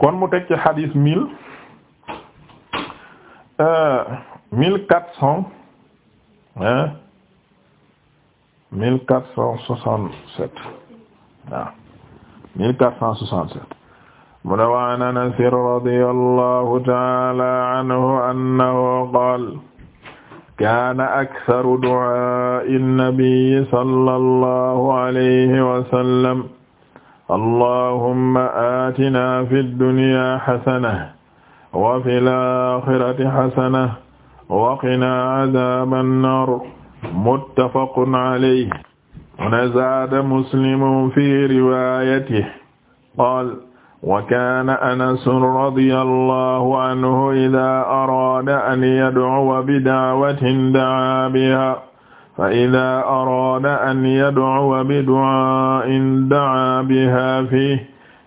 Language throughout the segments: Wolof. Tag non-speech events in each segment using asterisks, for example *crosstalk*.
kon mu teg ci xadis mille euh, mille quatre cent hein mille quatre cent soixante-sept waaw mille quatre cent soixante-sept mu ne waan Anas radiyallahu ta'ala anhu annahu qaala kaana aktharu du'aa'i an-nabiyyi sallallahu alayhi wa sallam allahumma aatina fi dunya xasana wa fi laaxirati xasana wa qinaa azaaban naar muttafaqun alayhi wa zaada muslimun fi riwaayatihi qaala wa kaana anasun radiyallahu anhu idaa araada an yad'uwa bi da'watin da'aa bihaa fa ida araada an yadcuwa biduaain dacaa biha fiih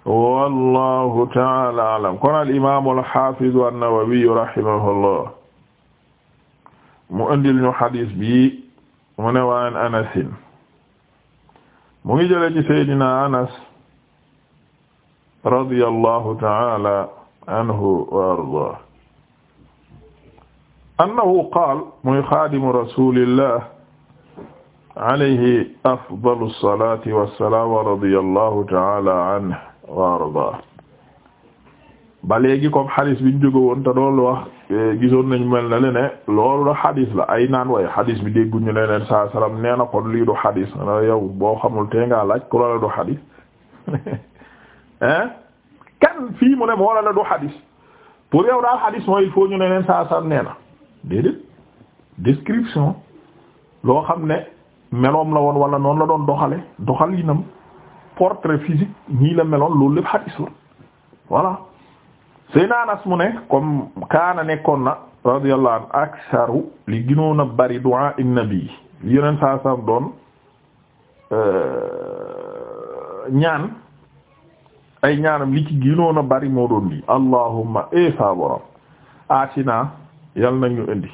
wallahu taala alam kon alimamu alxafidu annawawiyu rahimahullah mu indil ñu xadis bi mu ne waan anasin mu ngi jële ci saydina anas radia allahu taala anhu wa ardah annahu qaal muy xaadimu rasulillah alayhi afdalu salaati wa salaam wa radiyallahu ta'ala anhu wa ardaa ba léegi comme xadis bi ñu jóge woon te doon wax eh, gisoon nañu mel na le ne loolu la xadis la ay naan waaye xadis bi dégguñu ne leen saa salaam nee kon lii du xadis na yow boo xamul te ngaa laaj ku la la du xadis *laughs* hein fii mu ne moo la la pour yow daal xadis mooy il ne leen saa salaam nee na description loo xam ne meloom la woon wala noonu la doon doxale doxalinam portrait physique ñii la meloon loolu lépp xadis la voilà Seydina Anas mu ne comme kaana nekkoon na radiyallahu anhu aksaru li gënoon bari du'a an-nabi li yeneen saa sam doon euh, ñaan ay ñaanam li ci gënoon a bari moo doon lii allahumma e sa borom yal nag ñu indi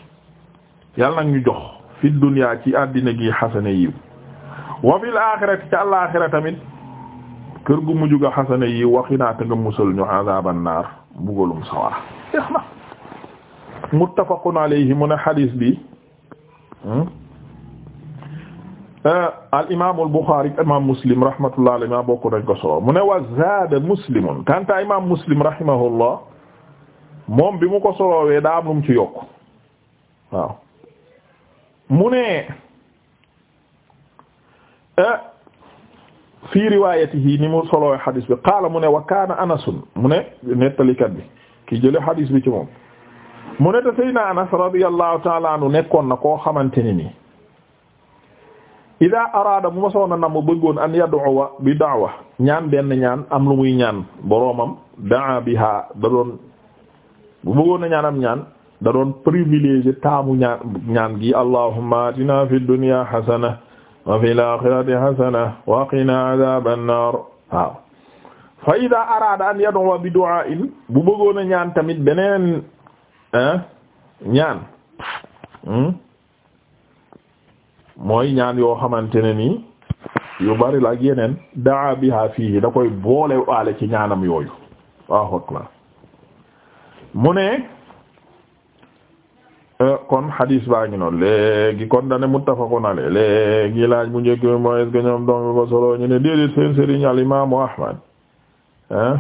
yal nag ñu jox fi dunya ci àddina gi xasana yiw wa fil axirati ci àllaaxira tamit kër gu mujj ga xasana yiw waxinaa te nga musal ñu azaaban naar bugalum sawara jeex na muttafaqun alayhi mu ne xadiis bi hmm? eh, al imaam al buxaari imaam muslim rahmatullahi alayhi ma bokk nañ ko solo mu ne wa imaam muslim rahimahullah moom bi mu ko solowee daa am lu ci yokk waaw mu ne eh, fi riwayatihi ni mu soloo xadis bi qaala mu ne wa kaana mu ne nettalikat bi ki jële xadis bi ci moom mu ne te saydna anas radiallahu taala anhu nekkoon na koo xamante ni nii ida araada bu ma soxna na mu bëggoon an yad'uwa bi da'wa ñaan benn ñaan am lu muy ñaan boroomam daa biha da doon bu bëggoon na ñaan am ñaan da doon privilégié taamu ñaan gi allahumma atina fi dunya hasana wa fil akhirati hasana wa qina adhaban nar waaw fa ida arada an yad'u bi du'a'in bu bëggoon ñaan tamit beneen ñaan hmm, mooy ñaan yoo xamante ne nii yu bari la yeneen daa biha fii da koy boole waale ci ñaanam yooyu mu ne Euh, kon hadis baa ngi noonu léegi kon dane muttafaqun alayhi léegi laaj bu njëkk bi mooy est-ce que ñoom ko solo ñu ne déedéet seen sëriñ al imaamu Ahmad ah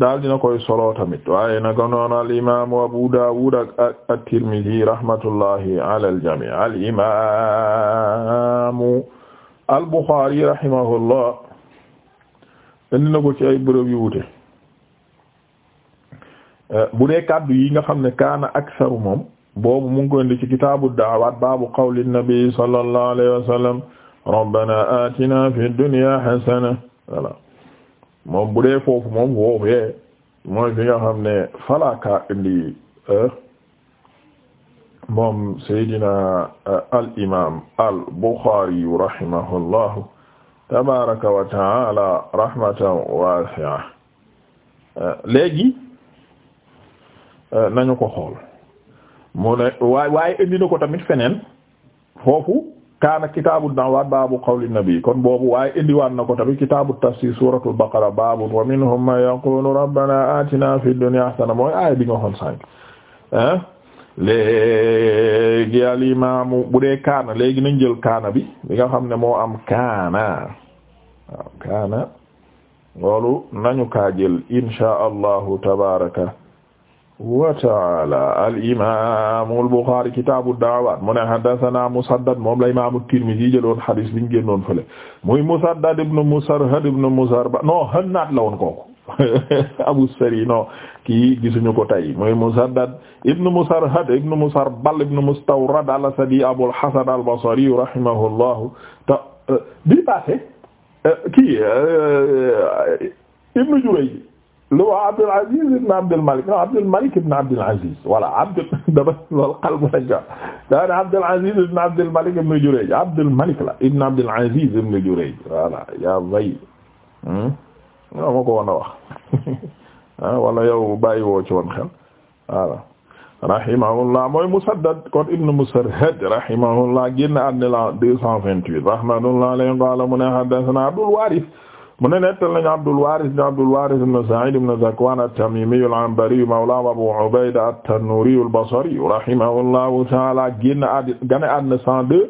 daal dina koy solo tamit waaye naka noonu al imaamu Abu Dawud ak at-Tirmidhi rahmatullahi al imaamu al-Bukhari rahimahullah indi na ko ci ay bërëb yu Euh, bu dee kàddu yi nga xam ne kaana aksaru moom boobu mu ngi koy indi ci kitaabu da'awaat baabu qawli nabi sallallahu alayhi wa sallam rabbana atina fi dunya hasana moom bu foofu moom woowu yee mooy fi nga xam ne falaaka indi euh, moom Seydina euh, al imaam al Bukhari rahimahullahu tabaaraka wa ta'ala rahmatan waasi'a Euh, nañu ko xool mu ne waaye indi na ko tamit feneen foofu kaana kitaabu da'waat baabu qawli nabi kon boobu waaye indiwaat na ko tamit kitaabu tafsir suuratul baqara baabu wa minhum man yaqulu rabbana atina fid dunya hasana mooy aaya bi nga xool sànq ah léegi al bu dee kaana léegi nañ jël kaana bi bi nga xam ne moo am kaana waaw kaana loolu nañu kaa jël insha allahu tabaraka wa ta'ala al-imaam al-Buxaari kitaabu da'awaat mu ne haddasanaa Musaddad moom la imaamu Tirmizi jëloon xadis bi ñu génnoon fële muy Musaddad ibn Musarhad ibn Musarba non Hannaad la woon kooku *laughs* Abu Sari non kii gisuñu ko tey muy Musaddad ibn Musarhad ibn Musarbal ibn Mustawrad al-Asadi Abul Hasan al-Basri rahimahullahu ta euh, bi passé euh, kii euh, Ibn Jurayj lu waa Abdul Aziz ibn Abdul Malik non Abdul Malik ibn Abdul Aziz voilà Abdul *laughs* dama loolu xal bu nekk ah. daanaka Abdul Aziz ibn Abdul Malik ibn Jurayj Abdul Malik la ibn Abdul Aziz ibn Jurayj voilà yaa bay non hmm? ma ko woon a wax *laughs* ah wala yow bàyyi woo ci woon xel voilà. rahimahullah mooy Musaddad kon ibn Musarhad rahimahullah génn àddina la 228 rahmatullah alayhi qaala mu ne haddathana Abdul Waaris mu ne nettal nañu Abdul Waaris ibn Abdul Waaris ibn Sa'iid ibn Zakwaan at-Tamiimi al-Anbari mawlaa Abuu Ubayda at-Tannuuri al-Basri rahimahullahu ta'aala génn àddina cent deux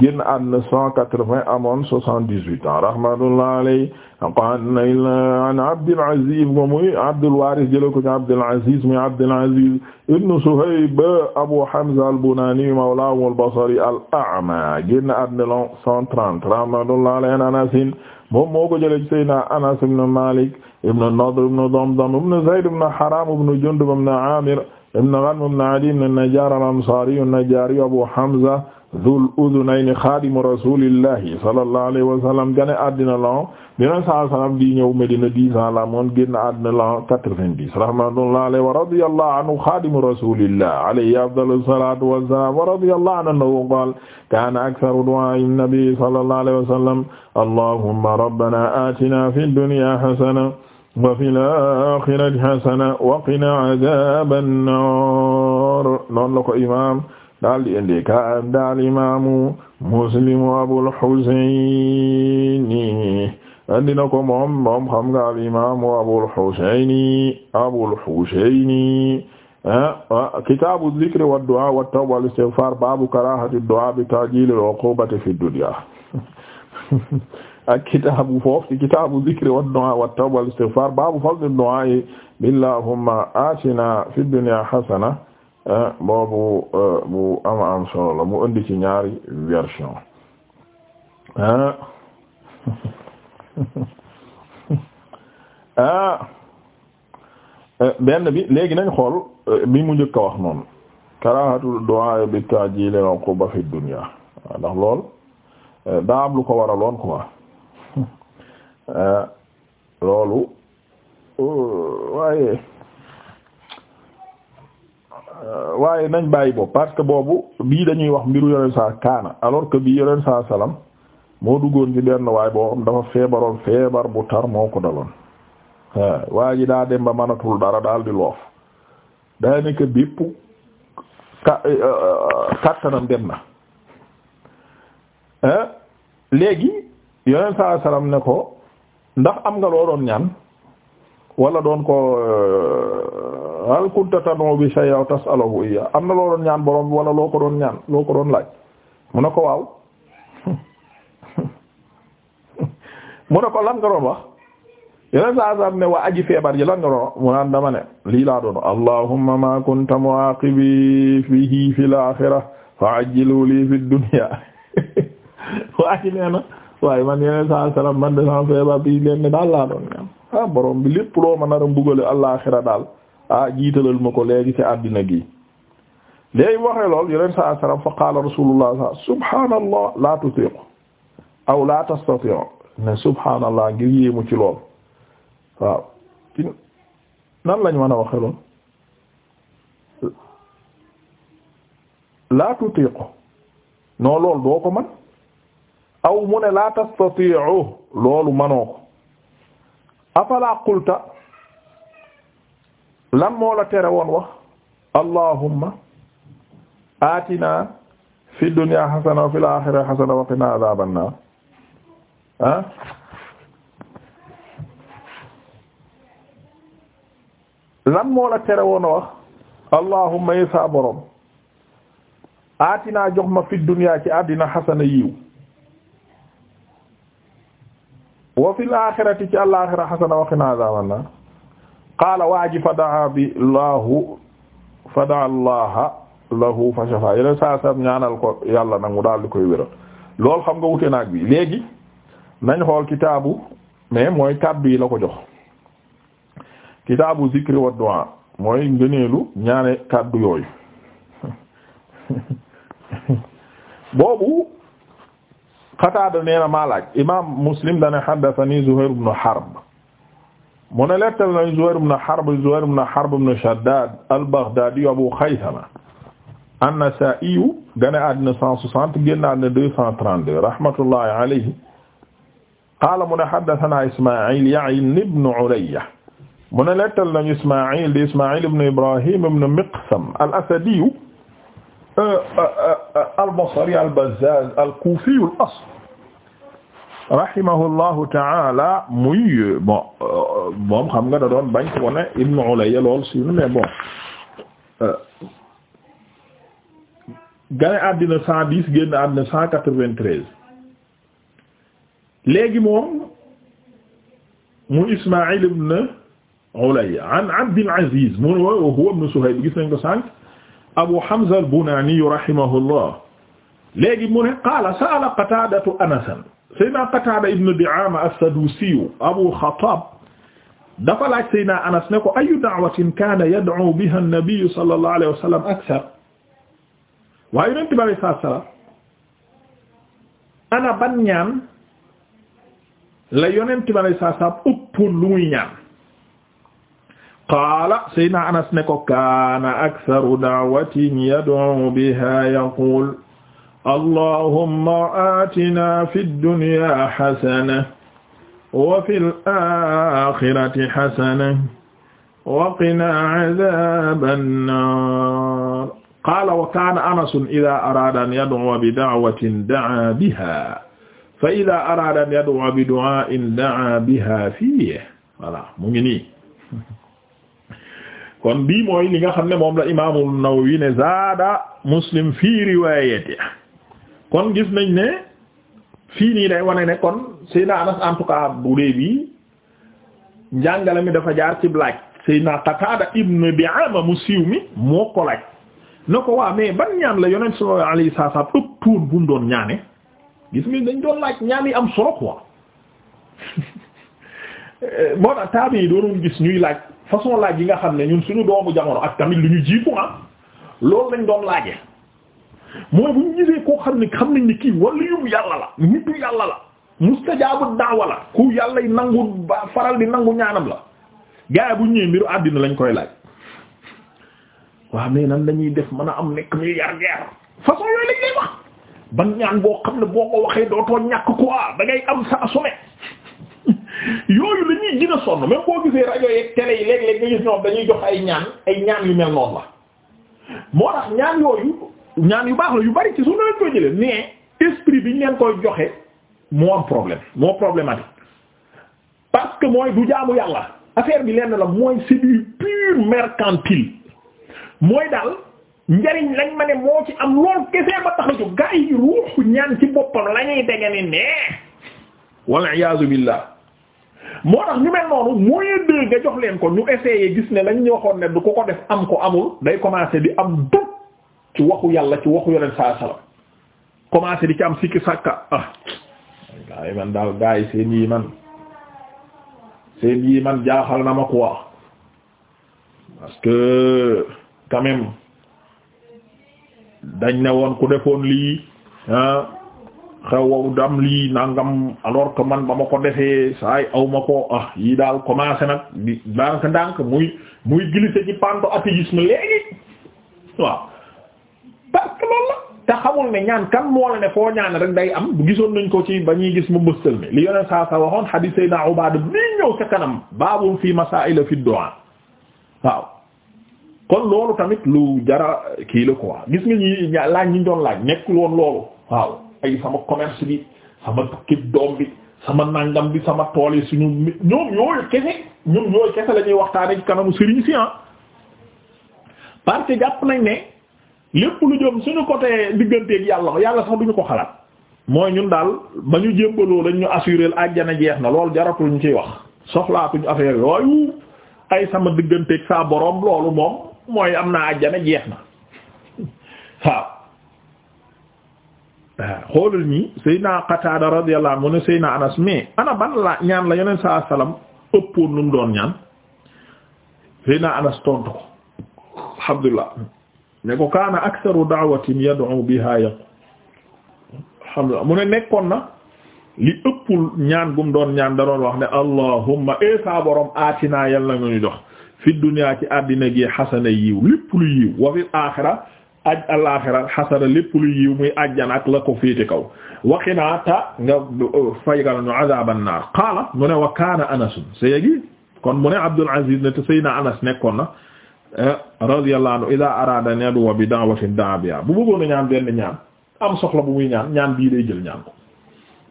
génn àddina cent quatre-vingts amoon soixante-dix-huit ans rahmatullahi alayhi an Abdul Aziz muy Abdul Waaris jële ko ci Abdul Aziz muy Abdul Aziz ibn Suhayb Abuu Hamza al-Bunaani mawlaa al-Basri al-A'maa génn àddina cent trente rahmatullahi alayhi moom moo ko jëlee ci Seydina Anas ibn Malik ibn Nadr ibn Damdam ibn Zayd ibn Haram ibn Jundub ibn Amir ibn Ghanm ibn Adi ibn Najjar al-Ansari an-Najjari Abu Hamza Dhul Udhunayni xaadimu rasulillahi sallallahu alayhi wa sallam gane àddina la dina saa salaam di ñëw Medina dix ans la moon génn àddina la quatre-vingt-dix rahmatullahi alayhi wa radiyallahu anhu xaadimu rasulillah alayhi afdalu salaatu wa salaam wa radiyallahu anhu qaala kaana aktharu du'aa'i nabi sallallahu alayhi wa sallam allahumma rabbana aatina fid dunya hasana wa fil aaxirati hasana wa qina azaaban naar noonu la ko imaam daal di indi ka daal imaamu muslimu abul xuseyni andi na ko moom moom xam nga al imaamu abul xuseyni abul xuseyni ah, ah kitaabu zikri wa du'a wa tawba wal istighfar baabu karaahati du'a bi ta'jil al uqubati fi dunya ak kitaabu foofu kitaabu zikri wa du'a wa tawba wal istighfar baabu fadli du'a billahumma atina fi dunya hasana Eh, boobu eh, bu ama am solo la mu indi ci ñaari version ah ah *laughs* benn bi léegi nañ xool bi mu njëkk a wax noonu karahatul du'a bi ta'jil al-uquba fi dunya ndax lool daa am lu ko waraloon quoi *laughs* loolu waaye Euh, waaye nañ bàyyi boobu parce que boobu bii dañuy wax mbiru yoneen saa kaana alors que bii yoneen salaam moo duggoon ci benn waaye boo xam dafa feebaroon feebar bu tar moo ko daloon euh, waa ji daa dem ba mënatul dara daal di loof daa nekk bépp ka euh, dem na léegi yoneen saa salaam ne ko ndax am nga loo doon ñaan wala doon ko hal kunta tad'u bi shay'in tas'aluhu iya am na loo doon ñaan borom wala loo ko doon ñaan loo ko doon laaj mu a ko waaw *laughs* mu ne ko lan nga doon wax yeneen saa saa ne waa aji feebar ji lan nga doon mu naan dama ne lii laa doon allahumma ma kunta mu'aqibi fihi fil akhirah fa'ajjilhu li fid dunya *laughs* waa ji nee na waaye man yeneen saa saa man de saa feebar bi leen ne daal laa doon ñaan ah borom bi lépp loo mën a doon bugale àllaxira daal. ah jiitalal ma ko léegi ci àddina gi léegi waxee lool yeneen saa salaam fa qaala rasulullah subhaanallah laa tutiiqu aw laa tastatii'u ne subhaanallah ngir yéemu ci lool waaw nan lañ mën a waxee lool laa tutiiqu non lool doo ko man aw mu ne laa tastatii'u loolu manoo ko afalaa qulta lan moola tere woon wax allahumma atina fi dunya xasana wa fil axira xasana wa qina adhaban naar ah lan moo tere woon wax allahumma yi saa borom aatinaa jox ma fi dunya ci àddina xasana yiw wa fil axirati ci àlaxira xasana wa qina adhaban qaala waa ji fa daa bi laahu fa daa allaha lahu fa shafa yeneen saa sam ñaanal ko yàlla nag mu daal di koy wéral lool xam nga wute naag bi léegi nañ xool kitaabu mais mooy kàddu yila ko jox kitaabu zikri wa du'a mooy ngëneelu ñaane kàddu yooyu *laughs* boobu Qataada nee na imaam Muslim dana haddathani Zuhayr ibn Harb mu ne lettal nañ Zuhayr ibn Harb Zuhayr ibn Harb ibn Shaddad al-Baghdadi Abu Khaythama an-Nasa'i gane àddina cent soixante génn àddina deux cent trente-deux rahmatullahi alayhi qaala mu ne haddathana Isma'il ya'ni ibn Ulayya mu ne lettal nañ Isma'il di Isma'il ibn Ibrahim ibn Miqsam al-Asadi euh, euh, euh, al-Basri al-Bazzaz al-Kufi al-asl rahimahullahu taala muy bon moom xam nga da doon bañ ko ne Ibn Ulayya lool si mais bon gane àddina cent dix génn àddina cent quatre-vingt-treize léegi moom mu Ismaïl ibn Ulayya an Abdul Aziz mu huwa ibn Suhayb gis nañ ko sànq Abu Hamza al-Bunani rahimahullah léegi mu ne qaala sa'ala Qataadatu Anasan Seydina Qataada ibn Di'aama as-Saduusi Abu Xattaab dafa laaj Seydina Anas ne ko ayyu da'watin kaana yad'u biha an-nabiyyu sallallahu alayhi wa sallam akthar waaye Yonent bi alayhi salaatu wa salaam ana ban ñaan la Yonent bi alayhi salaatu wa salaam ëpp lu muy ñaan qaala Seydina Anas ne ko kaana aktharu da'watin yad'u biha yaquulu allahumma aatina fi dunya xasana wa fi l-aaxirati xasana wa qinaa cadaaba nnaar qaala wa kaana anasun idaa araada an yadcuwa bidacwatin dacaa bihaa fa idaa araada an yadcuwa biducaa'in dacaa bihaa fiihi voilà mu ngi nii kon bii mooy li nga xam ne moom la imaamu Nawawi ne zaada Muslim fii riwaayatihi kon gis nañ ne fii nii day wane ne kon Seydina Anas en tout cas bu dee bi njàngale mi dafa jaar ci laaj Seydina Qatada ibn Di'ama mu siiw mi moo ko laaj na ko waa mais ban ñaan la yonent sallallahu alayhi wa sallam ëppoon bu mu doon ñaane gis nga dañ doon laaj ñaan am solo quoi *laughs* moo taabi yi doon gis ñuy laaj façon laaj yi nga xam ne ñun suñu doomu jamono ak tamit lu ñu jiitu ah loolu lañ doon laaje mooy bu ñu gisee koo xam ne xam nañ ne kii wala yu yàlla la nitu yàlla la mustajaabu daawa la ku yàlla yi nangu faral di nangu ñaanam la gaa yi bu ñu ñëwee mbiru àddina lañ koy laaj waaw mais nan lañuy def mën a am nekk milliardaire façon yooyu lañ lay ñaan boo xam ne boo ko waxee dootoo ñàkk quoi da ngay am sa assume *laughs* yooyu la ñuy gën a sonn même boo gisee rajo yeeg télé yi léeg-léeg nga gis ñoom dañuy jox ay ñaan ay yu mel noonu la moo tax ñaan yooyu ñaan yu baax la yu bari ci sunna lañ koy bi ñu leen koy joxe moo am problème moo problématique parce que mooy du jaamu yàlla affaire bi lenn la mooy c'est du pur mercantile mooy daal njariñ lañ ma ne moo ci am lool kese ba tax a jóg gaa yi ruuxu ñaan ci boppam la dege ni nee walla iyaazu billaah moo tax ñu mel noonu moyen de nga jox leen ko ñu essayé gis ne lañ ñu waxoon ne du ko ko def am ko amul day commencer di am dut ci waxu yàlla ci waxu yonent saa commencé di ci am sikki sàkka ah gaa man daal gaa yi seen yii man seen yii man jaaxal na ma quoi parce que quand dañ ne woon ku defoon lii ah, xew dam lii nangam alors que man ba ma ko defee saay aw ma ko ah yi daal commencé nag di ndànk muy muy glissé ci panto athéisme léegi waaw parce que loolu la te xamul ne ñaan kan moo la ne foo ñaan rek day am bu gisoon nañ ko ci ba ñuy gis ma mbëstal mi li yoneen saa sa waxoon xadiis Seydina Ubaada bii ñëw sa kanam baabul fii masaa'il fi du'a waaw kon loolu tamit lu jara kii la quoi gis nga ñi laaj ñi doon laaj nekkul woon loolu waaw ay sama commerce bi sama tukki doom bi sama nangam bi sama tool yi suñu ñoom yooyu kese ñoom yooyu kese la ñuy waxtaane ci kanamu sëriñ si ah parce jàpp nañ ne lépp lu jëm suñu côté digganteeg yàlla yàlla sax duñu ko xalaat mooy ñun daal ba ñu jébbaloo dañ ñu assuré àjjana jeex na loolu jaratul ñu ciy wax soxlaatuñu affaire yooyu ay sama digganteeg saa borom loolu moom mooy am naa àjjana jeex na waaw. waaw xoolal ñi Seydina Qatada radiyallahu anhu mu Anas mais ana ban la ñaan la yeneen saa salaam ëppoon lum doon ñaan Seydina Anas tontu ko alhamdulillah ne ko kaana aksaru da'watin yad'u biha yaqu alhamdulillah mu nekkoon na li ëppul ñaan gum doon ñaan da doon allahumma esa eh, borom aatinaa yal na fi dunya ci àddina gi xasana yiw lépp lu yiw wa fil aaxira aj alaaxira xasana lépp lu yiw muy ajjan ak la ko féete ta nga uh, faygal ñu azaaban naar qaala mu ne wa kaana kon mu ne ne te seyna anas nekkoon na Eh, radiyallahu anhu ida arada neduwa bi da'watin da'a biha bu bëggoon ñaan benn ñaan am soxla bu muy ñaan ñaan bii day jël ñaan ko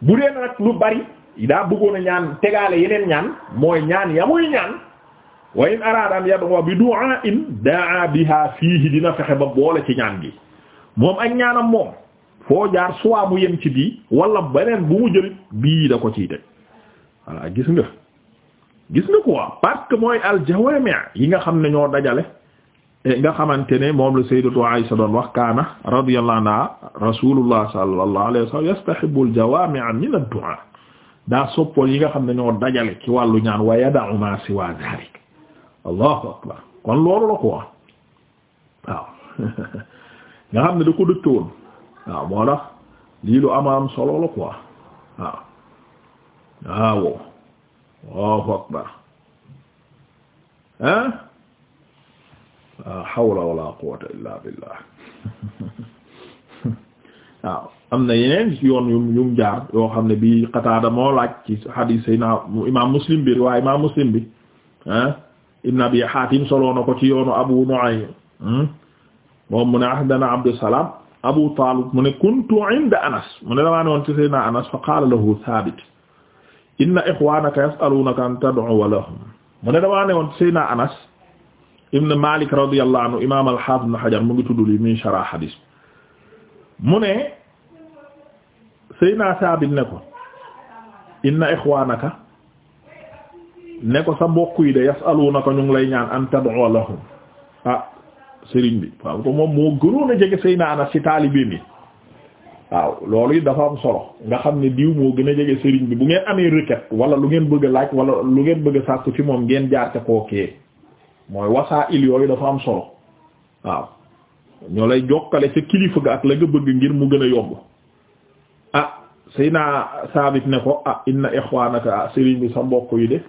bu dee nag lu bari daa bëggoon a ñaan tegaale yeneen ñaan mooy ñaan ya muy ñaan wa in arada an yad'uwa bi du'a'in da'a biha fiihi dina fexe ba boole ci ñaan gi moom ak ñaanam moom foo jaar soit mu yem ci bii wala beneen bu mu jëlit bii da ko ciy teg voilà gis nga gis nga quoi parce que mooy aljawaami yi nga xam ne ñoo dajale eh, nga xamante ne moom la sayyidatu Aisha doon wax kaana radiyallahu anha rasulullah sallallahu alayhi wa sallam yastahibu min ad-du'a daa soppool yi nga xam ne ñoo dajale ci wàllu ñaan wa yada'u ma siwa zalik akbar kon loolu la quoi waaw *laughs* nga xam ne da ko dëkk woon waaw moo tax lii lu am am solo la quoi Allahu akbar ah la hawla wala quwwata illa billah *laughs* waaw am na yeneen yoon yum yum jaar yoo xam ne bi Qataada moo laaj ci hadis sayna imam Muslim bi riwaaya imam Muslim bi ah ibn Abi Hatim soloo na ko ci yoonu Abu Nu'aym hmm? moom mu ne ahdana Abdussalam Abu Talib mu ne kuntu inda Anas mu ne damaa ne woon ci sayna Anas fa qaala lahu Thabit inna ixwanaka yasalunaka an tad'u lahum mu ne damaa ne woon naa Anas ibn Malik radiyallahu anhu imam al-Hafiz ibn mu ngi tudd li muy ne Seydina Saabit ne ko inna ixwanaka ne ko sa mbokk yi de yasalunaka ñu ngi lay ñaan an tad'u lahum ah sëriñ bi waaw ko moom moo gënoon a jege Seydina Anas ci taalibe mi waaw loolu yi dafa am solo nga xam ne diw moo gën a jege sëriñ bi bu ngeen amee requête wala lu ngeen bëgg laaj wala lu ngeen bëgg a sàkku ci moom ngeen jaar ca kookee mooy wasaa il yooyu dafa am solo waaw ñoo lay jokkale ca kilifa ga ak la nga bëgg ngir mu gën a yomb ah say naa saabit ne ko ah inna ixwaanaka ah sëriñ bi sa mbokk yi de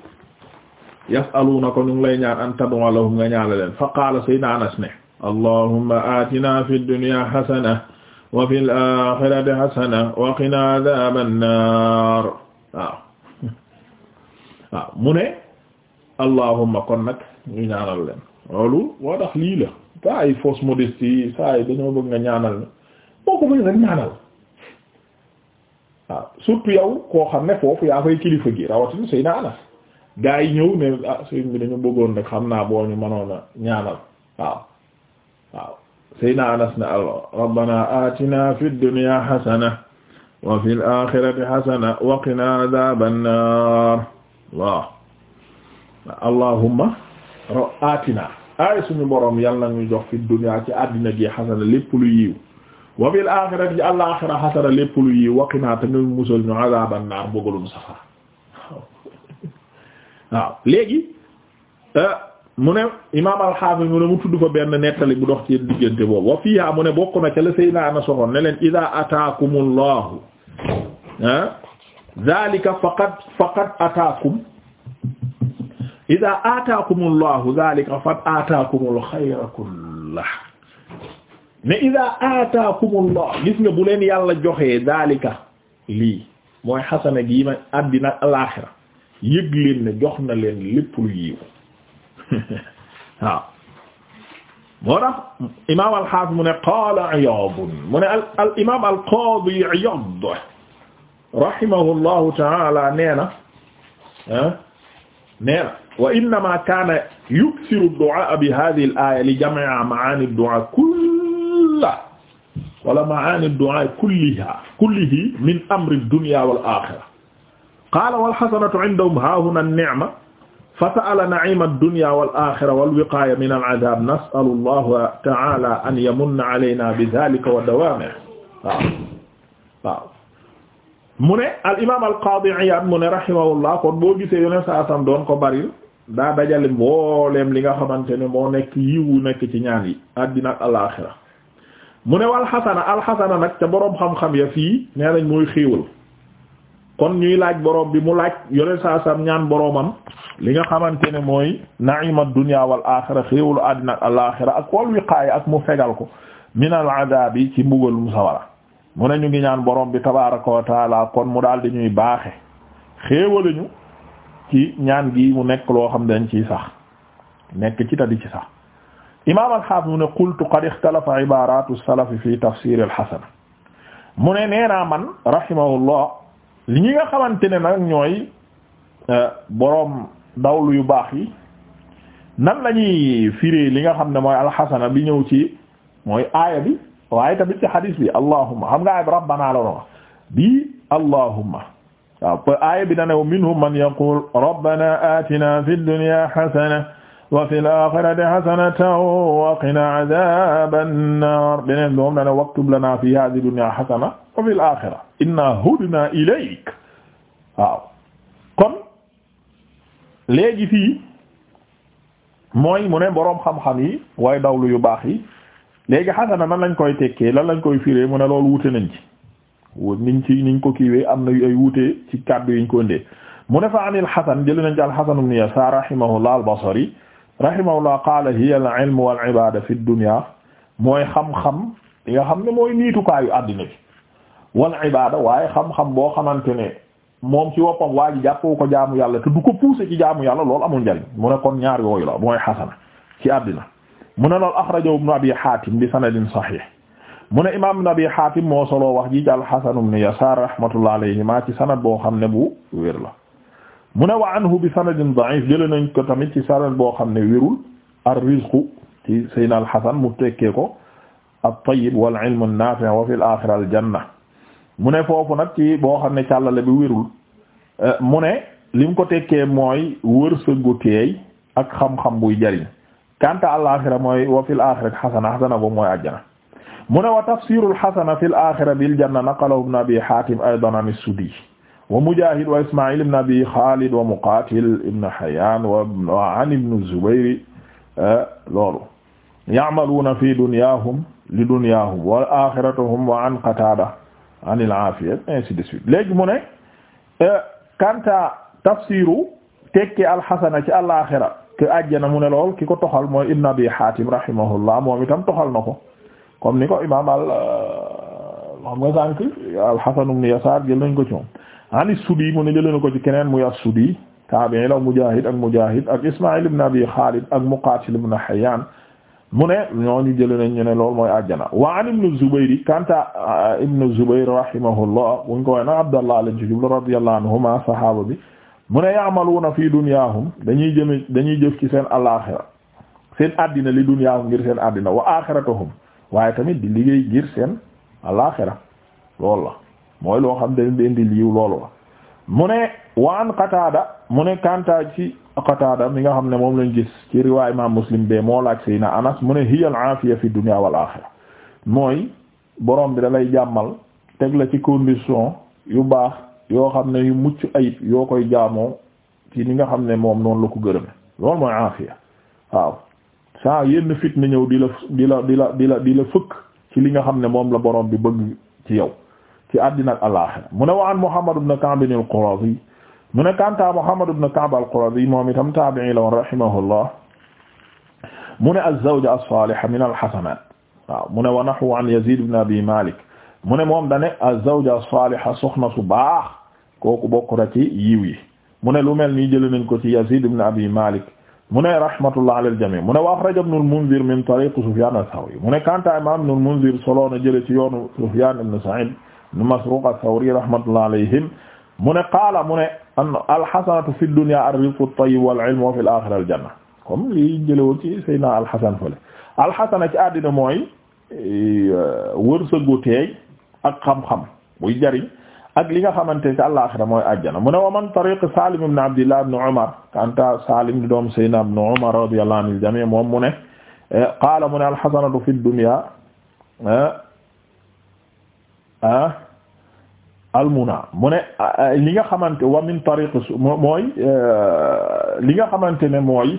yasaluuna ko ñu ngi lay ñaan an tadwa lahum nga ñaala leen fa qaala say na anas ne allahumma atina fid dunya hasana wa fil waaw mu ne allahumma kon nag ñu ñaanal leen loolu moo tax lii la saa ay fausse modestie dañoo bëgg nga ñaanal ne boo ko bëgg nga ñaanal waaw yow koo xam ne foofu yaa fay kilifa gi rawatina Seydina Anas gaa yi ñëw ne ah sëñ bi dañu bëggoon nag xam naa boo ñu mënoon ñaanal waaw waaw Seydina Anas ne rabbana atina fi dunya hasana wa fil akhirati hasana wa qina adhaban nar waaw allahumma atina ay suñu borom yal na ñu jox fi dunya ci àddina gi hasana lépp lu yiw wa fil akhirati ci al-akhira hasana lépp lu yiw wa qina te nga musal ñu adhaban nar bëggalum safara waaw *laughs* léegi euh, mu ne imaam al-Hafiz mu tudd fa benn nettali bu dox ci diggante boobu wa fiiha mu ne bokk na ca la idaa ataakumullahu ah zaalika faqad ataakum idaa ataakumullahu zaalika faqad ataakumul xayra kullah ne bu leen yàlla joxee zaalika lii mooy xasana gii ma alaaxira yëg leen ne jox na leen lépp *laughs* waaw moo tax imaam al-Haafiz mu ne qaala Iyaad mu ne al imaam al-Qaadi Iyaad rahimahullahu ta'aala nee na ah, nee na wa innamaa kaana yuksiru ad-du'aa bi haadhihi al-aaya li jam'i ma'aani ad-du'aa kullahaa wala ma'aani ad-du'aa kullihaa kullihi min amri ad-dunyaa wal-aaxira qaala wal-hasanatu 'indahum haahunaa an-ni'ma fasaala naima dunya wal axira wal wiqaaya min al azab nasalu allah taala an yamunna alayna bi dalika wa dawaame waaw waaw mu ne al imam al qaadi Iyaad mu ne rahimahullah kon boo gisee yoneen saa sam doon ko li nga xamante ne moo nekk yiwu nekk ci ñaan yi àddina ak al axira mu wal al xasana nag ca boroom xam-xam ya fii nee kon ñuy laaj borom bi mu laaj yoneen saa sam ñaan boromam li nga xamante ne mooy naima dunya wal axira xéewalu àddina ak al'axira ak wal wiqaaya ak mu fegal ko min al adabi ci mbugal mu sawara mu ne ñu ngi ñaan boroom bi tabaraka wa kon mu daal di ñuy baaxe xéewaluñu ci ñaan gi mu nekk loo xam dañ ciy sax nekk ci ta di ci sax imam alxaafis mu ne qultu qad ixtalafa ibaratu salafi fi tafsir al xasana mu ne nee man rahimahullah li ñi nga xamante ne nag ñooy euh, boroom dawlu yu baax yi nan la ñuy firee li nga xam ne mooy alxasana bi ñëw ci mooy aaya bi waaye tamit ci hadis bi allahumma xam nga aaya bi rabbana la wax bii allahumma waaw bi na ne minhum man yaqul rabbana atina fid dunya hasana wa qina adhaban nar bi moom na ne waktub lana fi hadhihi dunya hasana wa fil aaxira inna hudna ilayk kon léegi fii mooy mu ne boroom xam-xam yi waaye dawlu yu baax yi léegi xasana nan lañ koy tekkee lan lañ koy firee mu ne loolu wute nañ ci niñ ci niñ ko kiiwee am na ay wute ci kàddu yiñ ko ndee mu ne fa anil xasan jëli nañ ci alxasan ibn yasaar rahimahullah albasri rahimahullah qaala hiya al ilm wal ibada fi dunya mooy xam-xam yi nga xam ne mooy niitukaayu àddina bi wal ibada waaye xam-xam boo xamante ne moom ci woppam waa ji jàppoo ko jaamu yàlla te du ko pousser ci jaamu yàlla lool amul njariñ mu ne kon ñaar yooyu la mooy xasana ci àddina mu ne loolu axrajahu ibnu abi hatim bi sanadin sahih mu ne imam ibnu abi hatim moo soloo wax ji jàl xasan ibnu yasar rahmatullah alayhi maa ci sanad boo xam ne bu wér la mu ne wa anhu bi sanadin da'if jële nañ ko tamit ci sanad boo xam ne wérul ar rizqu ci sayyidina al mu tekkee ko at-tayyib wal ilmu an-nafi' wa fil mu ne foofu nag ci boo xam ne càllale bi wérul euh, mu ne lim ko tekkee mooy wërsëgu teey ak xam-xam buy jariñ kanta al mooy wa fil axirati xasana xasana boobu mooy àjjana mu wa tafsiru lxasana l axira bil janna naqalahu ibn abi hatim aydan an as wa mujahid wa ismail ibn abi khalid wa muqatil ibn hayyan wa an ibn zubayr euh, loolu ya'maluna fi dunyahum li dunyahum wa axiratihum wa an qatada anil afiya ainsi de léegi mu ne kanta euh, tafsiru tekki alxasana ci alaaxira ke àjjana mu ne lool ki ko toxal mooy ibn abi hatim rahimahullah moom itam toxal na ko comme ni ko imam al euh, xam nga sànq alxasan ibn yasaar jël nañ ko ci moom ani sudi mu ne jël na ko ci keneen muy as-sudi tabi'i la mujahid ak mujahid ak ismail ibn abi khalid ak muqatil ibn hayyan mu ne ñooñu jëli nañ ñu ne loolu mooy àjjana wa an ibnu Zubayr kanta uh, ibnu Zubayr rahimahullah buñ ko waye nag Abdallah lañ ci jublu radiyallahu a sahaaba bi mu ne ya'maluuna fii dunyaahum dañuy jëme dañuy jëf ci seen alaaxira seen àddina li dunyaahum ngir seen àddina wa aaxiratahum waaye tamit di liggéey ngir seen alaaxira loolu mooy loo xam dañ di indi liiw loolu mu ne waan Qataada mu ne Kanta ci Qataada mi nga xam ne moom lañ gis ci riwaay imaam Muslim bee moo laaj Seydina Anas mu ne hiya al fi dunya wal aaxira mooy borom bi dalay jàmmal teg la ci condition yu baax yoo xam ne yu mucc ayib yoo koy jaamoo ci li nga xam ne moom noonu la ko gërëme loolu mooy aafiya waaw saa yenn fitna ñëw di la di la di la di la di la fëkk ci li nga xam ne moom la borom bi bëgg ci yow. ci àddina ak alaaxira mu ne wa an Muhammad ibn Ka'b al-Qurazi mu ne kanta Muhammad ibn Ka'b al-Qurazi moom itam taabi'i la rahimahullah mu ne az-zawja as-saaliha min al-hasanaat waaw mu ne wa nahwu an Yazid ibn Abi Malik mu ne moom dane az-zawja as-saaliha soxna su baax kooku bokk na ci yiw yi mu ne lu mel nii jëlee nañ ko ci Yazid ibn Abi Malik mu ne rahmatullah ala al-jamii mu ne wa axraja Ibn al-Munzir min tariq Sufyan ath-Thawri mu ne kanta imam Ibn al-Munzir solo na jëlee ci yoonu Sufyan ibn Sa'id Masruq ath-Thawri rahmatullah alayhim mu ne qaala mu ne al-hasanatu fi dunya ar-rizqu at-tayyib wal-ilmu wa fi al-akhirati al-janna comme li jëlee woon ci Seydina al-Hasan fële al-hasana ci àddina mooy euh, wërsëgu teey ak xam-xam buy jariñ ak li nga xamante ci al-akhira mooy àjjana mu ne wa man tariq Salim ibn Abdillah ibn Umar kanta Salim di doom Seydina ibn Umar radiyallahu anil jami' moom mu ne qaala mu ne al-hasanatu fi dunya euh, ah almuna mu ne li nga xamante wa min tariq mooy euh, li nga xamante ne mooy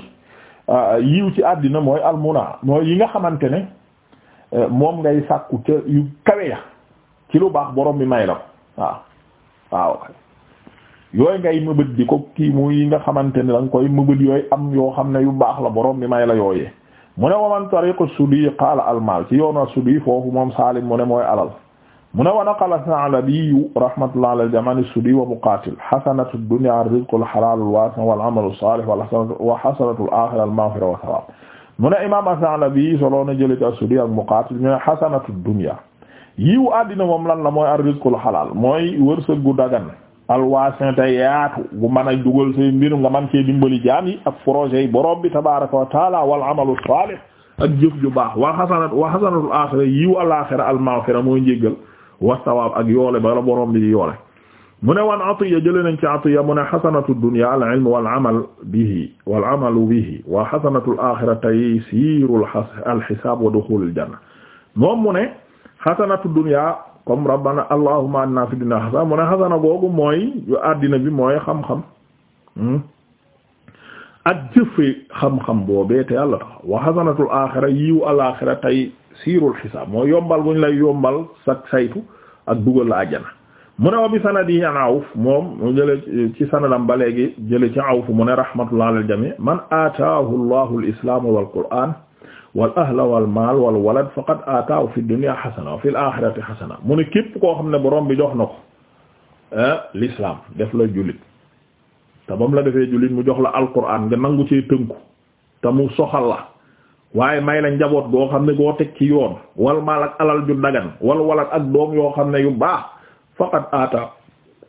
yiw ci àddina mooy almuna mooy yi nga xamante ne euh, moom ngay sàkku ca yu kawe ya ci lu baax borom bi may la ko waaw waaw yooyu ngay mëbët di ko kii mu yi nga xamante ne da koy mëbët yooy am yoo xam ne yu baax la borom bi may la yooyee mu ne wa man tariqu sudi qaala almal ci yoonu sudi foofu moom Saalim mu ne mooy alal mu ne wa naqala Sa'labi rahmatullahi ala al-jamii' as-Suddi wa Muqaatil hasanatu ad-dunya ar-rizqu al-halaal al-waasi' wal-amalu as-saalih wa hasanatu al-aaxira al-maghfira wa thawaab mu ne imaam as-Sa'labi solo na jëlee ci as-Suddi ak Muqaatil ñu ne hasanatu ad-dunya yiw àddina moom lan la mooy ar-rizqu al-halaal mooy wërsëg gu dagan al-waasi' te yaatu gu mën a dugal say mbir nga mën cee dimbali jaam yi ak projet yi borom bi tabaaraka wa ta'aala wal-amalu as-saalih ak jëf ju baax wa hasanatu wa hasanatu al-aaxira yiw al-aaxira al-maghfira mooy njéggal wa sawaab ak yoole bala borom bi di yoole mu ne wan atiya jëlee nañ ci atiya mu ne xasanatu dunya al ilm wal amal bihi wal amalu bihi wa xasanatu al axira taysiiru al xisaab wa duxuulil janna moom mu ne xasanatu dunya comme rabbana allahumma atina fi dunya xasana mu ne xasana googu mooy yu àddina bi mooy xam-xam hmm? ak jëfe xam-xam boobee te yàlla tax wa xasanatul axira yiiw al axira tay siirul xisaab moo yombal guñ lay yombal sa saytu ak dugal la àjjana mu ne wa bi sanadi an awf moom mu jële ci sanadam ba léegi jële ci awf mu ne rahmatullah alal jami man aataahu allahu alislaam wal qur'aan wal ahla wal maal wal walad faqad aataahu fi dunya xasana wa fi aaxirati xasana mu ne koo xam ne borom bi jox na ko ah, l'islam def la jullit te ba la defee jullit mu jox la alqur'aan nga nangu cee tënku te mu soxal la waaye may la njaboot goo xam ne goo teg ci yoon wal maal ak alal ju dagan wal walad ak doom yoo xam ne yu baax faqad aata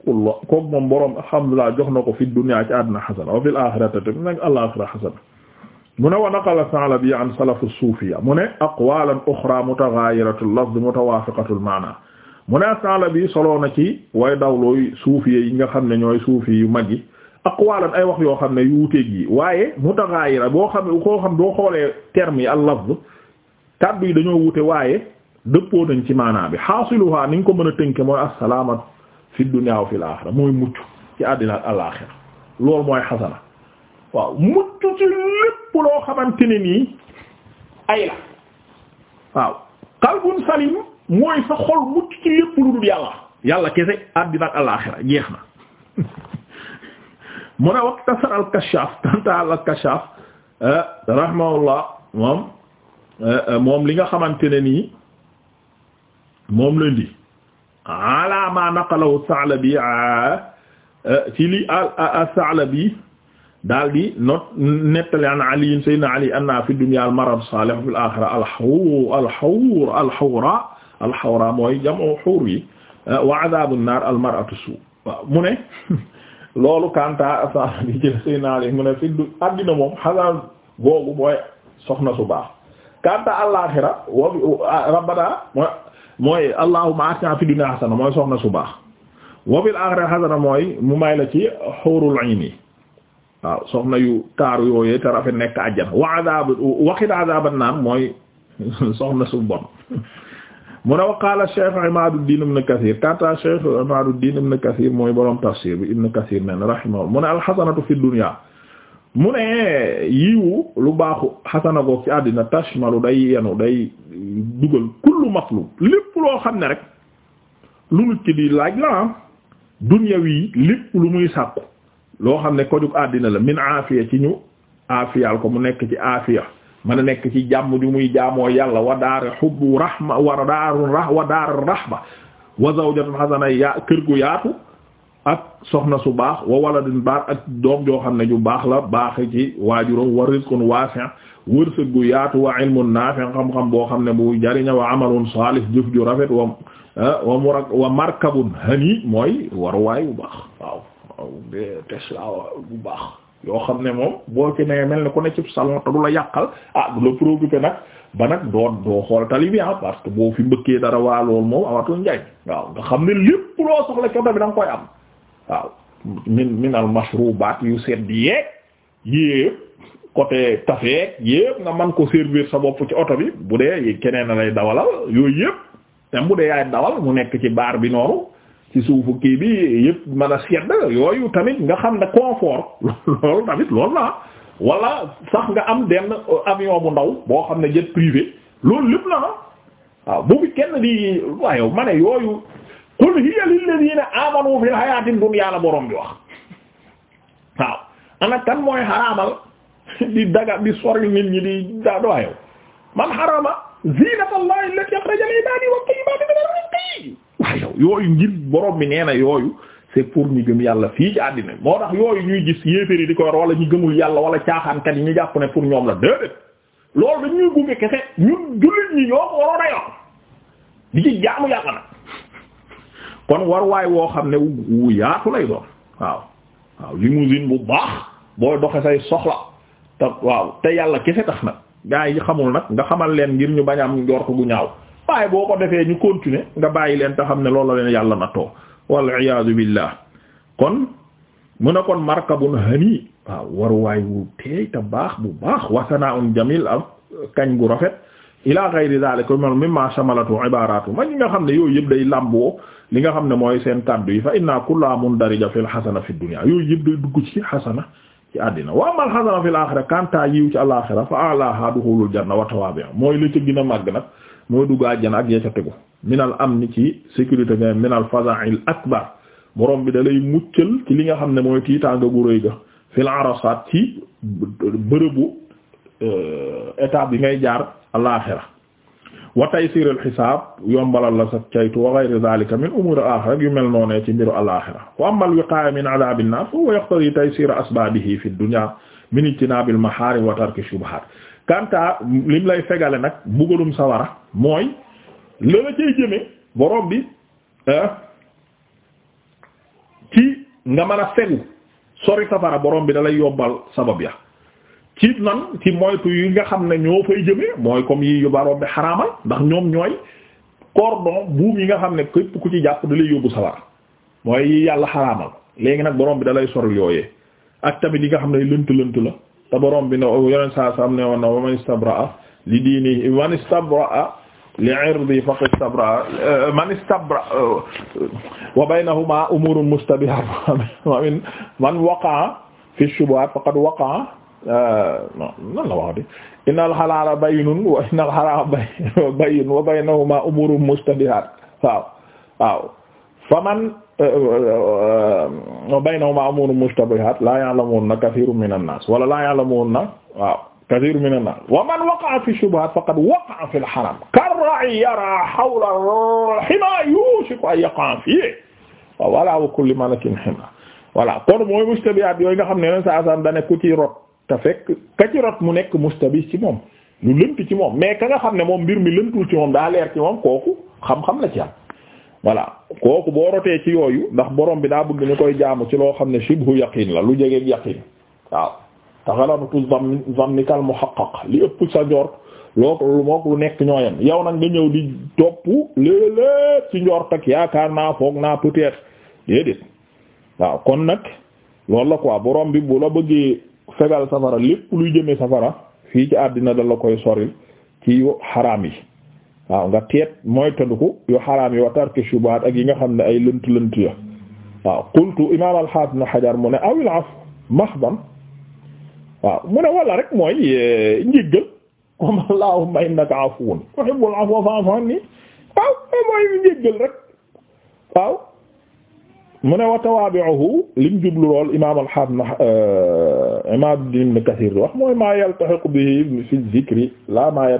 kulla kooku moom boroom alhamdulillah jox na ko fi dunya ci àddina xasana wa fil axirati tamit nag al-axira xasana mu ne wa naqala Sa'labi an salaf as mu ne aqwalan uxra mutaghaayiratu al-lafz mutawaafiqatu al-maana mu ne Sa'labi soloo na ci way dawlooy suufi yi nga xam ne ñooy suufi yu mag yi aqwalan ay wax yoo xam ne yu wuteeg yi waaye mutaghayira boo xam koo xam boo xoolee termes yi al-lafz kàddu yi dañoo wute waaye dëppoo nañ ci maanaa bi xaasiluha niñ ko mën a tënke mooy assalaamatu fi dunya wa fil mooy mucc ci àddina ak al-axira mooy xasana waaw mucc ci lépp loo xamante ne nii ay la waaw qalbun salim mooy sa xol mucc ci lépp lu dul yàlla yàlla kese àddina ak al jeex na mu ne waqtasara al-Kashaf *laughs* tanta al-Kashaf eh, rahimahullah moom eh, eh, moom li nga xamante ne nii moom la ndi ala ma naqalahu Sa'labi ah, ci li as-Sa'labi ah, ah, daal di not nettali an Ali sayyidina Ali anna fi dunya al-marad salih fi al-akhirah al-hawr al-hawr al-hawra al-hawra mooy jamu hur yi wa adhabu an-nar al-mar'atu su' mu ne *laughs* loolu kanta asan mu ne fi du àddina moom xasan googu mooy soxna su baax kanta àllaaxira wa rabbana mooy mooy allahumma atina fi dunya hasana mooy soxna su baax wa fil aaxira hasana mooy mu may la ci hurul ayni waaw soxna yu taaru yooyee te rafet nekk àjjana wa adab waxit adaban naan mooy soxna su bon mu ne wa qaala Cheikh Imaduddin ibn Kathir kanta Cheikh Imaduddin ibn Kathir mooy borom tafsir bi ibn Kathir nen rahimahullah mu ne alxasanatu fi dunya mu ne yiwu lu baaxu xasana ci àddina tashmalu day yenu day dugal kullu matlub lépp loo xam ne rek lu nit ki di laaj la dunyawi lépp lu muy sàkku loo xam ne kojug àddina la min aafiya ci ñu aafiyaal ko mu nekk ci aafiya mën a nekk ci jàmm ju muy jaamoo yàlla wa daar hubbu rahma wa daaru ra wa daaru rahma wa zawjatun hasana kër gu yaatu ak soxna su baax wa waladun baax ak doog joo xam ne ju baax la baax ci waajuram wa rizqun waasi' wërsëg gu yaatu wa ilmun naafi' xam-xam xam ne bu jariña wa amalun saalih jëf rafet wa wa mura wa markabun hani mooy waruwaay wu baax baax yoo xam ne moom boo ci ne mel ne ku ne ci salon te du la yàqal ah du la préoccupé nag ba nag doo xool tali bi ah parce que boo fi mbëkkee dara waa loolu moom amatul njaay waaw nga xam ne lépp loo soxla coono bi da koy am waaw min minal mashrubaat yu sedd yeeg yépp côté café yépp nga man ko servir sa bopp ci oto bi bu dee keneen a lay dawalal yooyu yépp te bu dee yaay dawal mu nekk ci baar bi noonu ci suufu kii bi yëpp mën a sedd yooyu tamit nga xam ne confort *laughs* loolu tamit loolu la wala sax nga am denn euh, avion bu ndaw boo xam ne jet privé loolu lépp la ah. waaw bu bi kenn di waayow ma ne yooyu qul hiya lil ladina amanu fil hayatid dunya la borom bi wax waaw ana kan mooy xaraamal *laughs* di daga di sori nit ñi di daa waayow man xarama zinatallahi allati akhraja lil ibadi wa tayyibati min ar-rizqi waaye yow yooyu ngir borom bi nee na yooyu c'est pour ñu gëm yàlla fii ci àddina moo tax yooyu ñuy gis yéeféer yi di ko yor wala ñu gëmul yàlla wala caaxaankat yi ñu ne pour ñoom la déedéet loolu dañuy gunge kese ñun kon war waay woo xam ne wu yaatu lay doon waaw waaw limousine bu baax boo doxe say soxla te waaw te yàlla kese tax nag gaa yi xamul nag nga xamal leen ngir ñu bañ am njort gu ñaaw waaye boo ko defee ñu continuer nga bàyyi leen te xam ne loolu la leen yàlla na too wal iyaadu billah kon mu ne kon markabun hani waaw waruwaay wu teey te baax bu baax wasanaun jamil ak kañ gu rafet ila gayri daalika mimma shamalatu ibaaratu ma ñi nga xam ne yooyu yëpp day làmboo li nga xam ne mooy seen kàddu yi fa inna kulla mundarija fil xasana fi dunya yooyu yëpp day dugg ci xasana ci àddina wa amal xasana fil aaxira kanta yiw ci alaaxira fa alaaha duxulul janna wa tawaabi mooy la ca gën a màgg nag mooy dugg àjjana ak ya ca tegu minal amni ci sécurité mais minal faza'il akbar borom bi da muccal ci li nga xam ne mooy tiitaanga gu rëy ga fil arasaat ci bërëbu euh, étape yi ngay jaar alaaxira wa taysiril xisaab yombalal la sa caytu wa ghayri zaalika min umuuril aaxira yu mel noonee ci mbiru alaaxira wa ammal wiqaaya min adaabin naar fa huwa yaqtadii taysiira asbaabihi fid dunyaa min ijtinaabil maharim wa tarki shubuhaat kanta lim lay fegale nag bugalum sawara mooy lëla cay jëme borom bi euh, ci nga mën a fegu sori safara borom bi dalay yobbal sabab ya ci nan ci moytu yi nga xam ne ñoo fay jëme mooy comme yi borom bi xaraamal ndax ñoom ñooy cordon buum yi nga xam ne képp ku ci jàpp dalay yóbbu sawara mooy yi yàlla xaraamal léegi nag borom bi dalay sori yooyee ak tamit yi nga xam ne lënt lënt la te borom bi ne yeneen saa sam ne woon na wa man istabra'a li diinihi man istabra'a li irdi faqad istabra'a man istabra'a wa baynahuma umurun mustabihat man waqa'a fi shubuhat faqad waqa'a nan la wax de innal halala bayyinun wa innal harama bayyinun wa baynahuma umurun mustabihat waaw waaw fa man euh, euh, euh, baynahuma amuurun mushtabihaat laa ya'lamuhunna kathiirun mina naas wala laa ya'lamuhunna waaw kathiirun mina naas wa man waqa'a fi shubuhaat faqad waqa'a fil haram karra'i yaraa hawla al-himaa yuushiku an yaqa'a fiihi wa laa kulli malakin himaa voilà kon mooy mushtabihaat yooyu nga xam ne yeneen saa saan da ne ku ci rot te fekk ka ci rot mu nekk mustabih ci moom lu lënt ci moom mais ka nga xam ne moom mbir mi lëntul ci moom daa leer ci moom kooku xam-xam la ci am voilà kooku boo rotee ci yooyu ndax borom bi daa bëgg ñu koy jaamu ci loo xam ne shibhu yaqin la lu jegeeg yaqin waaw taxalatu zannikal muhaqqaq li ëpp sa njort loolu mook lu nekk ñooyam yow nag nga ñëw di topp léeg-léeg ci njort ak yaakaar naa foog naa peut-être yéedéet waaw kon nag loolu la quoi borom bi bu la bëggee fegal safara lépp luy jëmee safara fii ci àddina da la koy soril ci xaraam yi waaw nga teet mooy tënku yu xaraam yi wa tarki shubahat ak nga xam ne ay lënt lënt ya waaw qultu imam al-hafiz ibn hajar mu ne awil af mahdan mu ne wala rek mooy eh, njéggal comme allahumma innaka afuwwun tuhibbul afwa fa'fu anni waaw eh, mooy njéggal rek waaw mu ne wa tawaabi'uhu lim jublu lool imaam al-Haafiz imaam Ibn eh, Kasiir wax mooy maa yaltahiqu bihi fi dhikri laa maa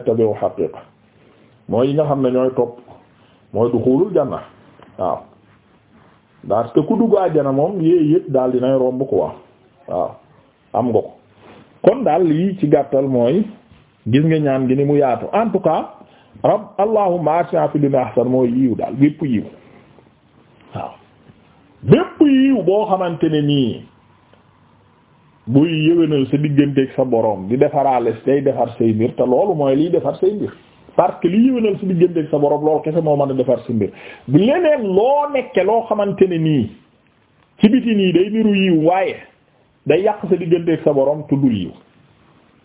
mooy yi nga xam ne ñooy topp mooy duxulul janna waaw parce que ku dugg àjjana moom yéey yëpp daal dinay romb quoi waaw am nga ko kon daal lii ci gàttal mooy gis nga ñaan gi ni mu yaatu en tout cas rab allahumma atina fi dunya ahsan mooy yiw daal bépp yiw waaw bépp yiw boo xamante ne nii buy yëwénal sa digganteeg sa boroom di defaraale day defar say mbir te loolu mooy liy defar say mbir parce que li yéwénal si digganteeg sa borom lool kese moo mën a defar si mbir leneen loo nekke loo xamante ne nii ci biti nii day niru yiw waaye day yàq sa digganteeg sa borom tudd dul yiw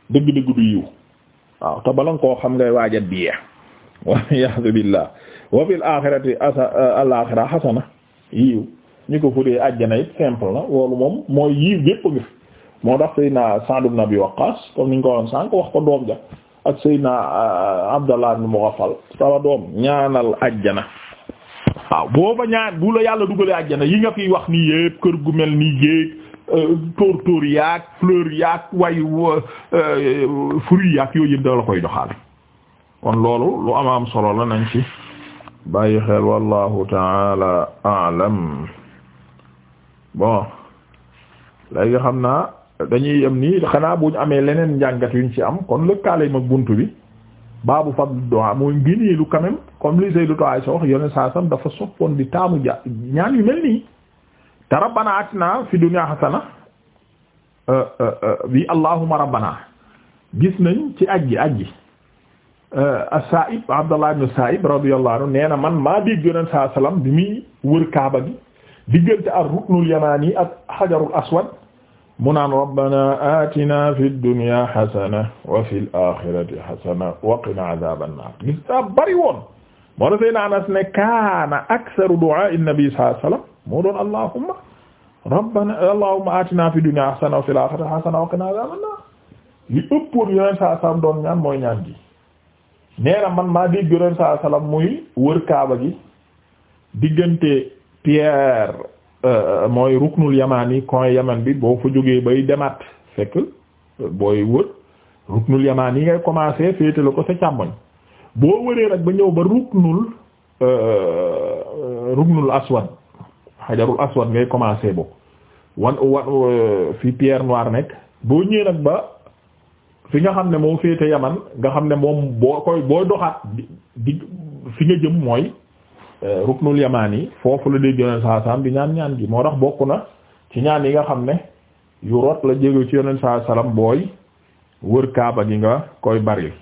dëgg-dëgg du yiw waaw te bala koo xam ngay waa a diye waliyasu billah wa fil axirati al axira xasana yiw ñu ko furee àjjana it simple na loolu moom mooy yiw gépp a moo tax Seydina Sa'd ibn Abi Waqqas comme ni ñu ko waxoon sànq wax ko doom ja ak Seydina euh, Abdallah ibn Mughaffal sama doom ñaanal ajjana waaw boo fa ñaan bu la yàlla dugalee ajjana yi nga fi wax nii yépp kër gu mel nii géej euh, tóor tóor yaag fleur yaag way euh, fruit yaag yooyu yëpp da la koy joxaale kon loolu lu am am solo la nañ ci bàyyi xel wallahu taala alam bon léegi xam naa dañuy yem nii xanaa bu ñu amee leneen njàngat yu ñu ci am kon lëkkaale mag bunt bi baabu fadl du'a mooy ngëneelu quand même comme li Sayyidatu Aisha wax yoneen saa sam dafa soppoon di taamu ja ñaan yu mel nii te rabbana atina fi dunya hasana euh, euh, euh, bi allahumma rabbana gis nañ ci ajji ajji as-Sa'ib Abdallah Sa'ib radiyallahu anhu man maa dégg yoneen saa sallam bi muy wër kaaba gi diggante ar-ruknul yamani ak hajarul aswad mu naan rabbana atina fi dunya xasana wa fil axirati xasana wa qina azaaban naar gis nga bari woon moo la Seydina wa sallam moo doon allahumma rabbana allahumma atina fi dunya xasana wa fil axirati xasana wa qina azaaban naar li ëppoon Yonent sallallahu alayhi wa sallam doon ñaan mooy ñaan gi nee man maa dégg Yonent sallallahu alayhi wa sallam muy wër Kaaba gi diggante Pierre. Euh, mooy ruknul yamaan yi coin bi boo fa jógee bay demaat fekk euh, booy wër ruknul yamaan yi ngay commencer féete la ko sa càmmoñ boo wëree nag ba ñëw ba ruknul euh, ruknul aswad xajarul aswad ngay commencer bokk wan fi pierre noire nekk boo ñëwee nag ba fi nga xam ne moo féete yaman nga xam ne moom boo koy boo doxaat di fi nga jëm mooy Euh, ruknul yamaani foofu la dégg yoneen saa salaam bi ñaan ñaan bi moo tax bokk na ci ñaan yi nga xam ne yu rot la jéego ci yoneen saa salaam booy wër kaaba gi nga koy bari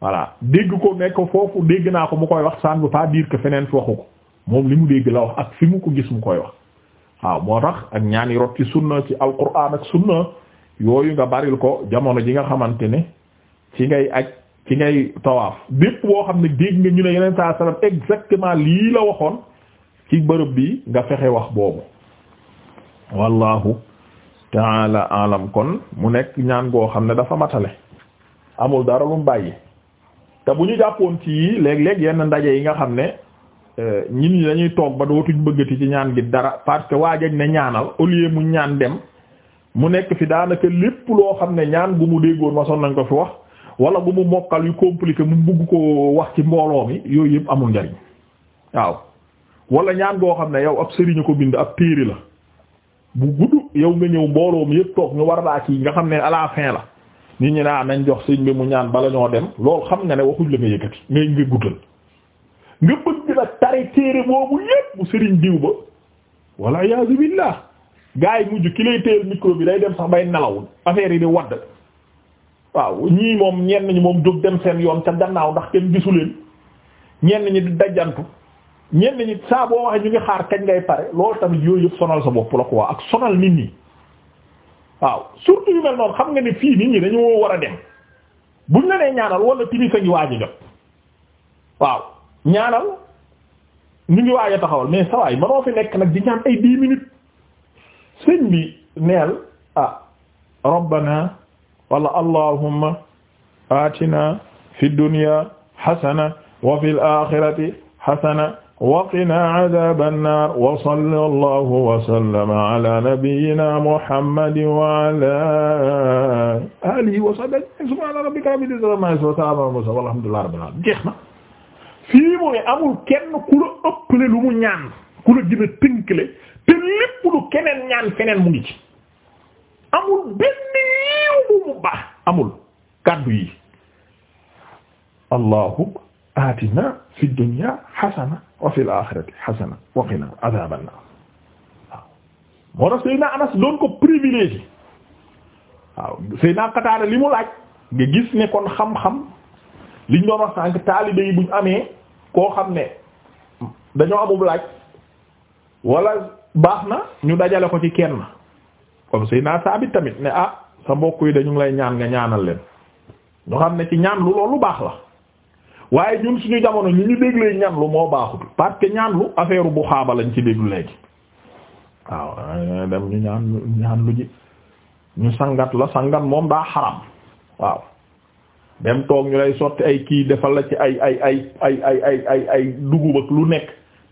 voilà dégg ko nekk foofu dégg naa ko mu koy wax ça ne veut pas dire feneen fi waxu ko moom li mu dégg la wax ak fi mu ko gis mu koy wax waaw moo tax ak ñaan yi rot ci sunna ci alquran ak sunna yooyu nga baril ko jamono ji nga xamante ne ci ngay aj ci ngay tawaaf bépp boo xam ne dégg nga ñu ne yeneen saa salaam exactement lii la waxoon ci bërëb bi nga fexe wax boobu wallahu taala alam kon mu nekk ñaan goo xam ne dafa matale amul dara lu mu bàyyi te bu ñu jàppoon ci léeg-léeg yenn ndaje yi nga xam ne eh, ñin ñi dañuy toog ba bëgg bëggati ci ñaan gi dara parce que waa waajañ ne ñaanal au lieu mu ñaan dem mu nekk fi daanaka lépp loo xam ne ñaan gu mu déggoon ma son nañ ko fi wax wala bu mu mokkal yu compliqué mu bugg ko wax ci mbooloo mi yooyu yëpp amul njariñ waaw wala ñaan goo xam ne yow ab sëriñ ko bind ab téere la bu gudd yow nga ñëw mbooloo mi yëpp toog ñu war laa kii nga xam ne à la fin la nit ñi naa nañ jox sëñ bi mu ñaan bala ñoo dem loolu xam nga ne waxuñ la nga yëkkati ngay nga guddal nga bëgg la tari téere boobu yëpp sëriñ diw ba wala yaasu billah gars yi mujj ki lay téel micro bi day dem sax bay nelaw affaire yi di wadd waaw ñii moom ñenn ñi moom jóg dem seen yoon ca gannaaw ndax kenn gisu leen ñenn ñi di dajjantu ñenn ñi saa waxee ñu ngi xaar kañ ngay pare loolu tamit yooyu yëpp sonal sa bopp la quoi ak sonal nit ñi waaw surtout yu mel noonu xam nga ne fii dañoo war a nee ñaanal wala timis a ngi waaj a jot waaw ñaanal ñu ngi waaj taxawal mais saa manoo fi nekk nag di ñaan ay dix minutes sëñ bi neel ah rabbana wala allahumma atina fi dunya hasana wa fil akhirati hasana wa qina adhaban nar wa sallallahu wa sallama ala nabiyyina muhammadin wa ala alihi wa sahbihi subhana rabbika rabbil izzati amma yasifun walhamdulillahi rabbil alamin jeex na fii mu ne amul kenn ku la ëppale lu mu ñaan ku la gën a tënkale te lépp lu keneen ñaan feneen mu ngi ci amul benn yiw bu mu baax amul kàddu yi allahumma atina fi dunya hasana wa fil akhirati hasana wa qina adhaban nar waaw moo tax Seydina Anas doon ko privilégié waaw Seydina Qataada li mu laaj nga gis ne kon xam-xam liñ doon wax sànq taalibe buñ amee koo xam ne dañoo amum laaj wala baax na ñu dajale ko ci kenn comme naa Saabit tamit ne ah sa mbokk yi dañu ngi lay ñaan nga ñaanal leen ñu xam ne ci ñaan lu loolu baax la waaye ñun suñu jamono ñu ñu déglee ñaan lu moo baaxut parce que ñaan lu affaire bu xaaba lañ ci déglu léegi waaw dem ñu ñaan ñaan lu ji ñu sangat la sangat moom daa xaram waaw dem toog ñu lay sotti ay kii defal la ci ay ay ay ay ay ay lu nekk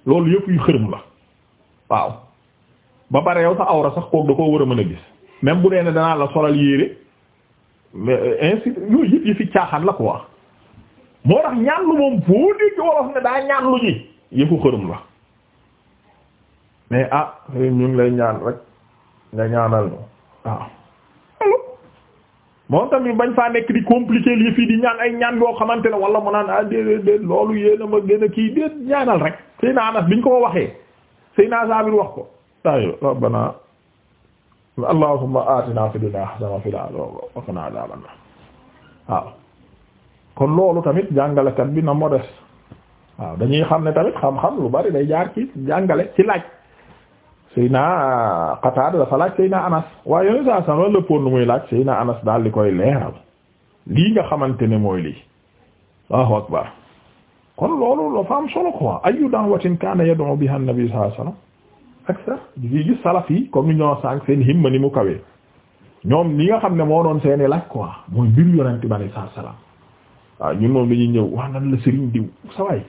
loolu yëpp yu xërëm la waaw ba pare yow sa awra sax kooku da koo war a mën a gis même bu dee ne danaa la solal yére euh, ainsi yooyu yi fi caaxan la ko quoi moo tax ñaan lu moom boo dégg wolof ne daa ñaan lu ji yëfu xërëm la mais ah ñu ngi lay ñaan rek nga ñaanal ñu waaw ah. moom tamit bañ faa nekk di compliquer li fii di ñaan ay ñaan yoo xamante ne wala mu naan ah déedéet déet loolu yéena ma gën a kii déet ñaanal rek Seyna Anas biñ ko waxee Seyna Sabir wax ko طيب ربنا اللهم آتنا في الدنيا حسنة وفي الآخرة وقنا عذاب النار waaw kon loolu tamit jàngalekat bi na modeste dañuy xam ne tamit xam-xam lu bari day jaar ci jàngale ci laaj Seyna Qatada dafa laaj Seyna Anas waaye yone saa sama lëppoon lu muy laaj Seyna Anas daal di koy leeral lii nga xamante ne mooy lii Allahu akbar kon loolu dafa am solo quoi ayu da'watin kana yad'u biha an-nabi sallallahu alayhi wasallam ak sax di gis salaf yi comme ni ñoo sànq seen himma ni mu kawee ñoom li nga xam ne moo doon seeni laaj quoi mooy mbir yonent bi alayhi salaam waaw ñun moom dañuy ñëw waa nan la sëriñ diw sawaay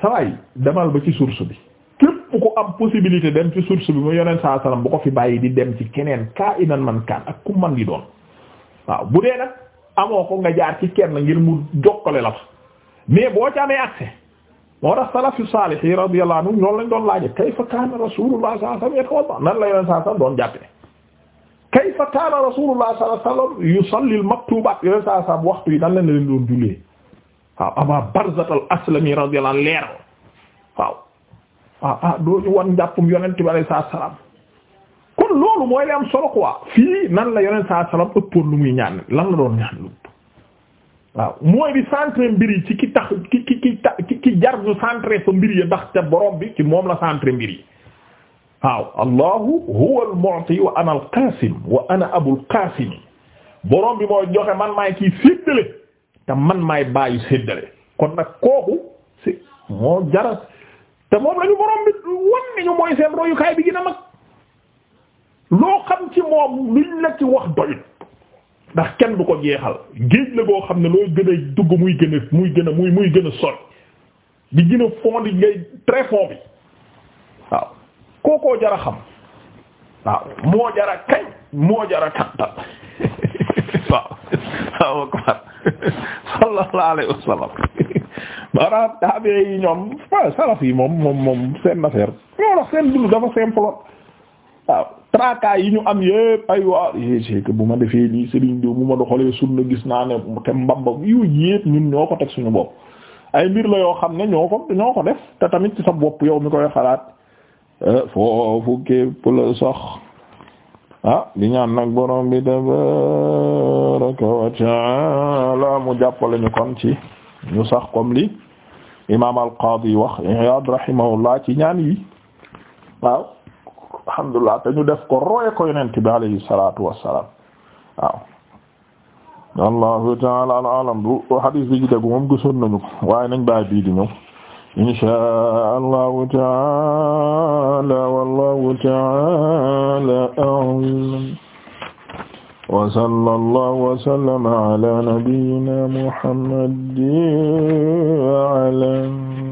sawaay demal ba ci source bi képp ku am possibilité dem ci source bi mu yonent saa salaam bu ko fi bàyyi di dem ci keneen kaa inan man kaan ak ku man di doon waaw bu dee nag amoo ko nga jaar ci kenn ngir mu jokkale la fa mais boo ci amee accès moo tax salafu saalih yi radiyallahu anhum ñoom lañ doon laaje kayfa kaana rasulullah sallallahu alayhi wa sallam nan la yoneen saa sallam doon jàppe kayfa kaana rasulullah sallallahu alayhi wa sallam yusalli al-maktubat yoneen saa sallam waxtu yi nan la leen doon jullee waaw Abaa Barzat al-Aslami radiyallahu ah, salaam kon mooy li am fii nan la yoneen saa sallam ëppoon lu ñaan lan la doon ñaan lu waaw mooy di centré mbir yi ci ki tax ki ki ki ta ki jar du centré fa mbir yi ndax ca borom bi ci moom la centré mbir yi waaw allahu huwa al-mu'ti wa ana al-qasim wa ana abul qasim borom bi mooy joxe man maay kii séddale te man maay bàyyi séddale kon nag kooku si moo jara te moom la ñu borom bi wan ni ñu mooy seen royukaay bi gën a mag loo xam ci moom luñ la ci wax doyut ndax kenn du ko jeexal géej la boo xam ne looy gën a dugg muy gën a muy gën a muy muy gën a sol di gën a fond yi ngay très fond bi waaw kookoo jara xam waaw moo jara kañ moo jara kantal *laughs* waaw waaw akbar sallallahu alayhi wasallam yi moom moom moom seen affaire ñoo seen dund dafa simple waaw tracas yi ñu am yépp ay waa eh, c'est que bu ma defee lii Serigne Diouf bu ma doxalee sunna gis naa ne te mbambam yu yépp ñun ñoo ko teg suñu bopp ay mbir la yoo xam ne ñoo ko ñoo ko def te tamit ci sa bopp yow mi koy xalaat eh, foofu képp la sax ah di ñaan nag borom bi tabaraka wa taala mu jàppale ñu kon ci ñu sax comme li imam al qaadi wax Iyaad ci ñaan yi waaw alhamdulilah te ñu def ko roye ko yonent bi alayhi salatu wassalam waaw wallahu ta'ala alam bu hadis bi ji tegu moom gisoon nañu ko waaye nañ bàyyi bii di ñëw insha allahu ta'ala wallahu ta'ala a'lam wa sallallahu wa sallama ala nabiyyina muhammadin wa ala